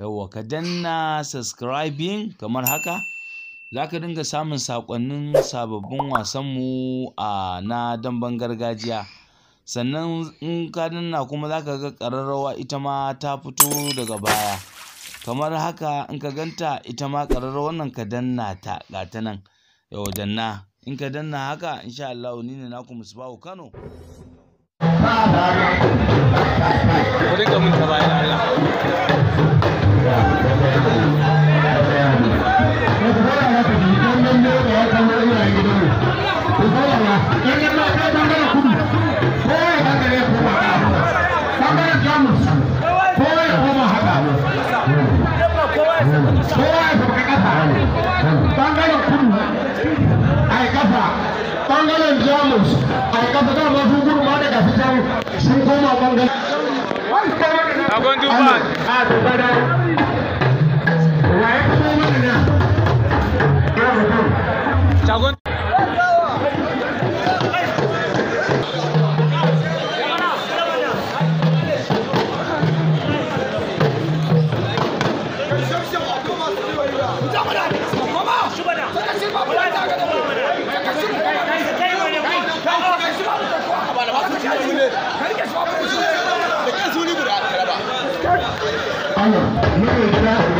yawwa ka danna subscribing kamar haka za ka dinga samun sakonnin sababbin wasanmu a na damban gargajiya sannan in ka danna kuma za ka ga ƙararrawa ita ma ta fito daga baya kamar haka in ka ganta ita ma ƙararrawar nan ka danna ta ga ta nan yau danna in ka danna haka insha Allah ni ne naku Musbahu Kano kansu a kafa kan wasu gurma daga I'm going to años. No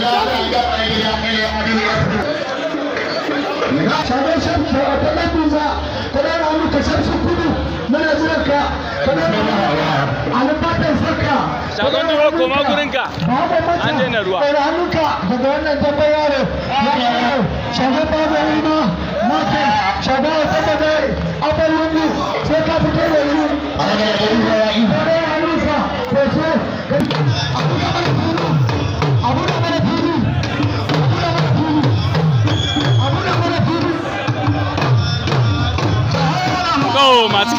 shagar shan fara ta ɗan duza ta hannu ka ta koma gurin ka an daina ruwa ɗan hannunka daga wannan dabbar yaro shagar babu ma mata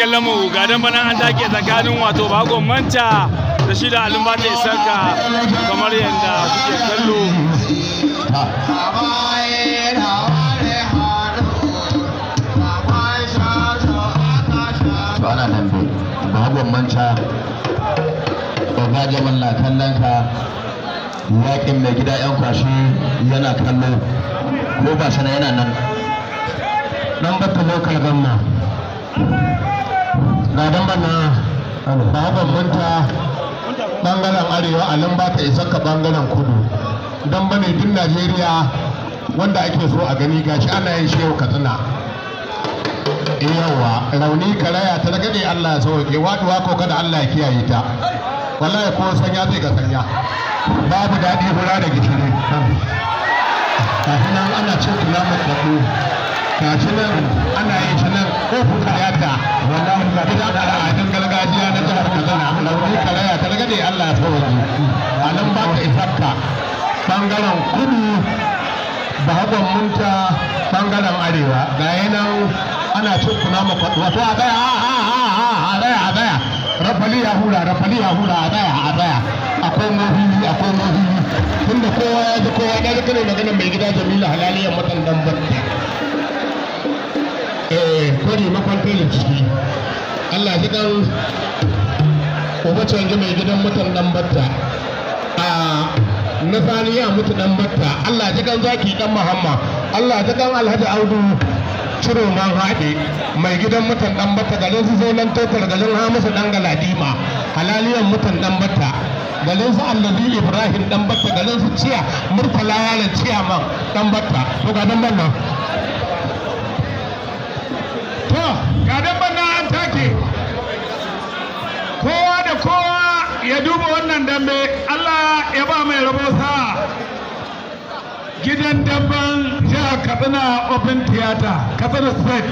kallon mu ga dan bana an take tsakanin wato bakon manta da shi da alumba ta isarka kamar yadda kuke kallo ana nan dai babban manta babba na kallon ka yakin mai gida yan kwashi yana kallo ko ba sana yana nan nan baka lokal gamma ga dan bana ba bambanta bangaren arewa a nan ba ta isa ka bangaren kudu don bane duk najeriya wanda ake so a gani gashi ana yin shehu katsina eh, yawa rauni karaya ta daga ne allah ya sauke waduwa ko kada allah ya kiyaye ta wallahi ko sanya zai ga sanya babu daɗi hura da gishiri kafin ana cin kula mai gashi ana yin shi nan kofin karayata wallahi ga da al'adun gargajiya na jihar Katsina launi karaya ta daga Allah ya sauke a nan ba ka isarka bangaren kudu bahagon munta bangaren arewa ga nan ana cikuna makwaɗi wato a tsaya a tsaya a tsaya rafali ya hula rafali ya hula a tsaya a tsaya akwai mahili akwai mahili tunda kowa ya ji kowa ya ji kana magana mai gida jamilu halaliyar matan dan barka bari makwantar ciki allah ji dan ubacin mai gidan mutan dan batta a nasani ya mutu dan batta allah ji kan zaki dan muhammad allah ji kan alhaji audu ciro man haɗe mai gidan mutan dan batta garin su zonan ga garin hamisu dan galadima halaliyan mutan dan batta garin su allazi ibrahim dan batta garin su ciya murtala yaran ciya man dan batta to ga dan nan duba wannan dambe Allah ya ba mai rabo sa gidan damben jihar Katsina Open Theater Katsina State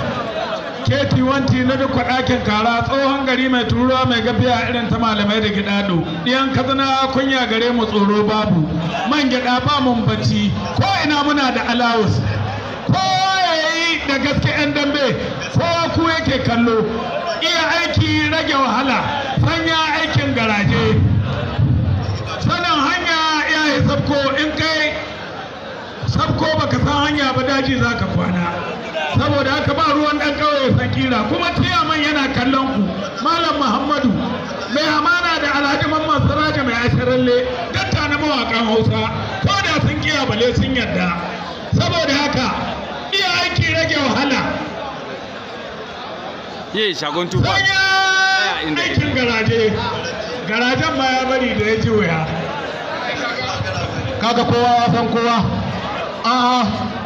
KT1T na duk ɗakin kara tsohon gari mai turuwa mai gafiya irin ta malamai da gidado ɗiyan katsina kunya gare mu tsoro babu man gyaɗa ba mun bacci ko ina muna da alawus ko yayi da gaske 'yan dambe ko ku yake kallo iya aiki rage wahala sanya aikin garaje sanin hanya ya yi sabko in kai sabko baka san hanya ba daji za ka kwana saboda haka ba ruwan ɗan ƙauye san kira kuma tiyaman yana kallon ku malam muhammadu mai amana da alhaji mamman saraja mai asharalle datta na mawaƙan hausa ko da sun kiya bale sun yarda saboda haka iya aiki rage wahala inda garaje garajen ma ya bari da ya ji wuya kaga kowa wasan kowa a'a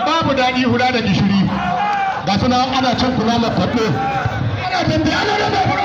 babu daɗi hula da gishiri ga suna ana can kula da faɗo ana ana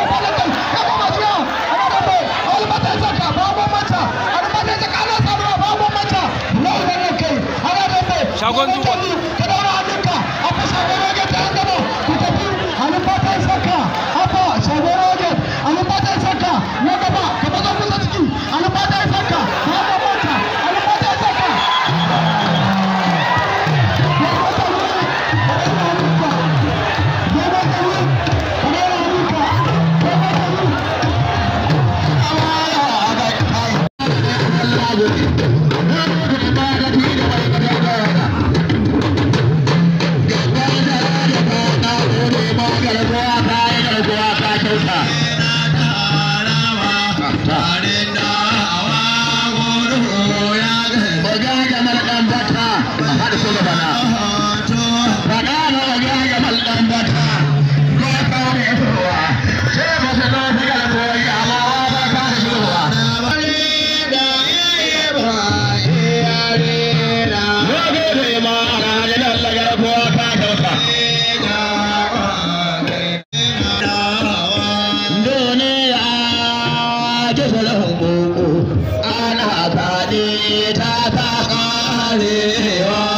ta ta karewa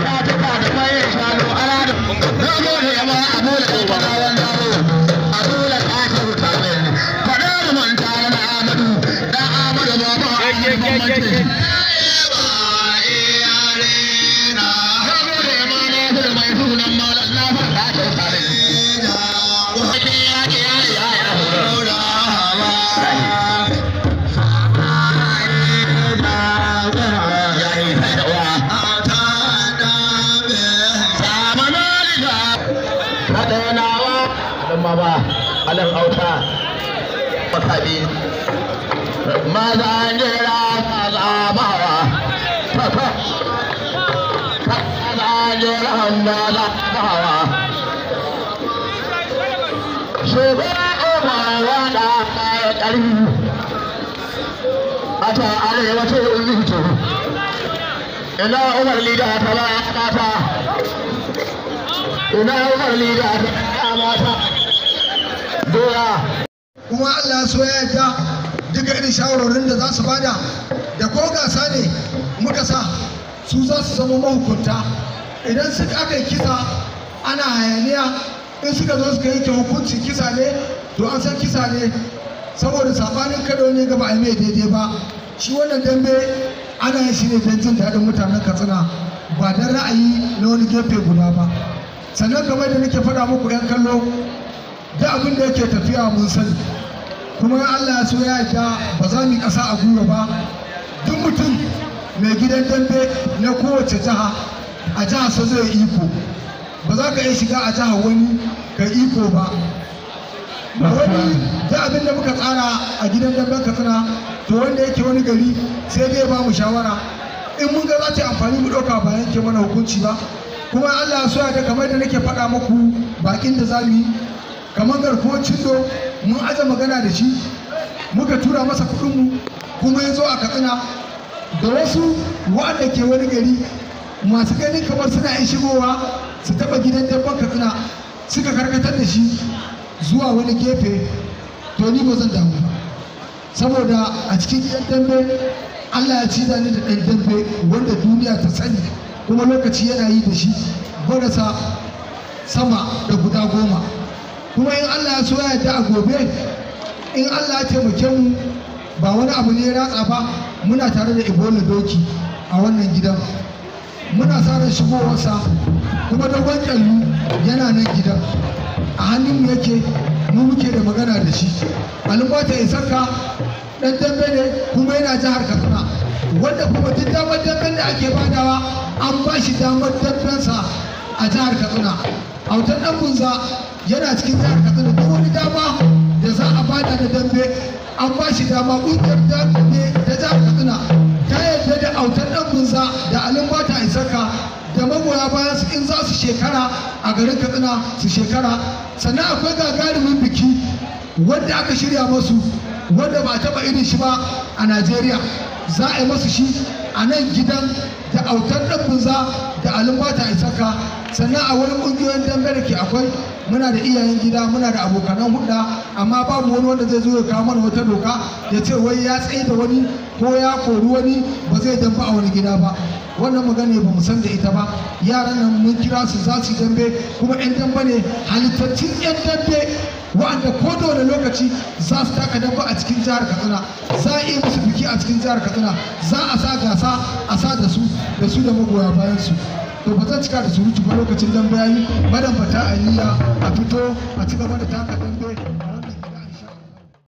ɗan baba anan auta makabi maza jira azabawa maza jira azabawa shugaba umarwa da kayan ƙari a ta arewacin ina umar lida ta ba ina umar lida ta ba doya kuma Allah so ya yarda duka irin shawarorin da za su bada da ko gasa ne muka sa su za su zama mahukunta idan suka aka yi kisa ana hayaniya in suka zo suka yi yanke hukunci kisa ne to an san kisa ne saboda sabanin kado ne gaba a mai daidai ba shi wannan dambe ana yin shi ne don jin daɗin mutanen katsina ba don ra'ayi na wani gefe guda ba sannan kamar da nake faɗa muku 'yan kallo Da abin da yake tafiya mun sani kuma ya Allah ya so ya yarda ba za mu kasa a gura ba duk mutum mai gidan dambe na kowace jiha a jiha sa zai iko ba za ka iya shiga a jiha wani ka iko ba wani da abin da muka tsara a gidan damben katsina to wanda yake wani gari sai dai ba mu shawara in mun ga za ta amfani mu ɗauka ba yanke mana hukunci ba kuma Allah ya so ya da kamar da nake faɗa muku bakin da za mu yi kamar garkuwar cindo mun aza magana da shi muka tura masa kuɗinmu kuma ya zo a katsina da wasu waɗanda ke wani gari masu ganin kamar suna yin shigowa su taɓa gidan dabban katsina suka karkatar da shi zuwa wani gefe to ni ba zan damu ba saboda a cikin gidan dambe allah ya ci ni da ɗan dambe wanda duniya ta sani kuma lokaci yana yi da shi barasa sama da guda goma kuma in Allah ya so ya ta a gobe in Allah ya taimake mu ba wani abu ne ya ratsa ba muna tare da ibola doki a wannan gidan muna sa ran shigowarsa kuma dogon kyallu yana nan gidan a hannun mu yake mu muke da magana da shi in saka dan dambe ne kuma yana jihar katsina wanda kuma duk damar damben da ake badawa an ba shi damar dambensa a jihar katsina autan dan kunza yana cikin jihar katsina duk wani dama da za a bada da dambe an ba shi dama kungiyar dambe da jihar katsina ta yadda da autar dan bunza da alin bata isarka da magoya bayan su in za su shekara a garin katsina su shekara sannan akwai gagarumin biki wanda aka shirya masu wanda ba taba irin shi ba a najeriya za a yi masu shi a nan gidan da autar dan bunza da alin bata isarka sannan a wani kungiyoyin dambe da ke akwai muna da iyayen gida muna da abokanan hudda amma babu wani wanda zai zo ya kawo mana wata doka ya ce wai ya tsaye da wani ko ya kori wani ba zai damba a wani gida ba wannan magana ba mu san da ita ba yaran nan mun kira su za su dambe kuma yan dambe ne halittacin yan dambe wa'anda ko da wani lokaci za su taka dambe a cikin jihar katsina za a iya musu biki a cikin jihar katsina za a sa gasa a sa da su da su da magoya bayan su to ba zan cika da surutu ba lokacin dambe yayi madan fata a niyya a fito a ci gaba da taka dambe